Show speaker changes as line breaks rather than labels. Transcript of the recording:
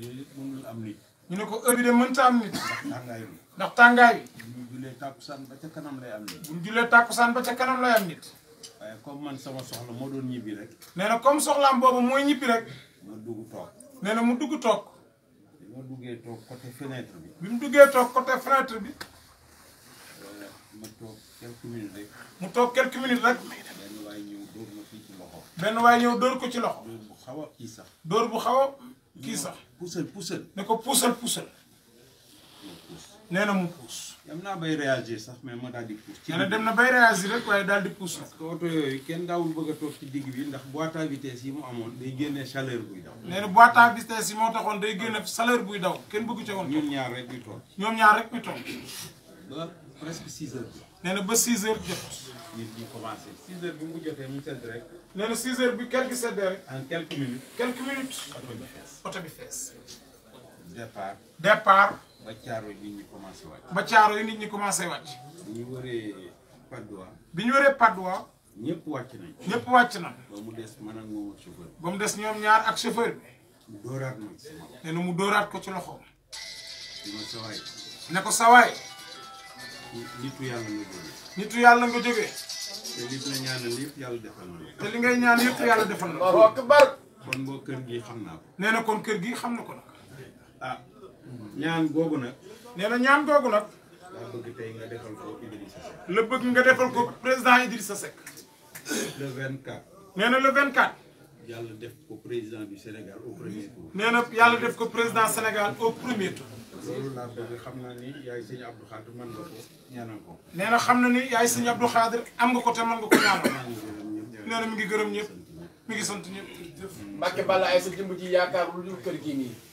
bi de mënul am nit. ñu ne ko heure bi de mënta am nit. ndax tàngaay bi. ndax tàngaay bi. bu julee tàkkusaan ba ca kanam lay am nit. bu ñu julee tàkkusaan ba ca kanam lay am nit. waaye comme man sama soxla moo doon ñibbi rek. nee na comme soxlaam boobu mooy ñibbi rek. ma dugg toog. nee na mu dugg toog. bi ma duggee toog coté fenêtre bi. bi mu duggee toog côté fenêtre bi. ma toog quelques minutes rek. mu toog quelques minutes rek. benn waay ñëw dóor ma fii ci loxo. benn waay ñëw dóor ko ci loxo. kii sax puusal puusal ne ko puusal puusal nee na mu puus. dem naa bay réagir sax mais ma daal di puus. ci dem na bay réagir rek waaye daal di puus. parce que oto yooyu kenn daawul bëgg a toog ci digg bi ndax boîte à vitesse yi mu amoon day génne chaleur buy daw. nee na boîte à vitesse yi moo taxoon day génne chaleur buy daw kenn bëgg ca woon. ñoom ñaar rek ñu toog ñoom ñaar rek ñu toog. presque 6 heures. nee na ba 6 heures jot. nit ñi commencé 6 bi mu jotee mu sedd rek. nee na 6 heures bi quelque sedd rek. en quelques minutes. quelques minutes. oto bi fees oto bi fees. départ. ba caaro yi nit ñi commencé wàcc. ba caaro yi nit ñi commencé wàcc. bi ñu waree Padois. bi ñu waree Padois. ñëpp wàcc nañ. ñëpp wàcc nañ. ba mu des man ak moom ak chauffeur ba mu des ñoom ñaar ak chauffeur mu dóoraat ma. nee mu dóoraat ko ci loxoom. ne ko sawaay. nitu yàlla nga jógee. nitu yàlla nga jógee. te li yàlla defal li ngay ñaan yëpp yàlla defal na ko. akbar kon boo kër gi xam naa ko. nee na kon kër gi xam na ko nag. ah ñaan googu nag. nee na ñaan googu nag. la bëgg tey nga defal ko Idrissa Seck. la bëgg nga defal ko président Idrissa Seck. le 24. nee na le 24. yàlla def ko président du Sénégal au premier yàlla def ko président Sénégal au premier tour. loolu laa xam na ni yaay sëñ Abdou Khadir mën ko ñaanal ko. nee na na ni yaay sëñ am nga ko te mën nga ko ñaanal. nee na mi ngi gërëm ñëpp mi ngi sant ñëpp. Mbacke Balla ay sa jëmb ji yaakaar lu dul kër gii nii.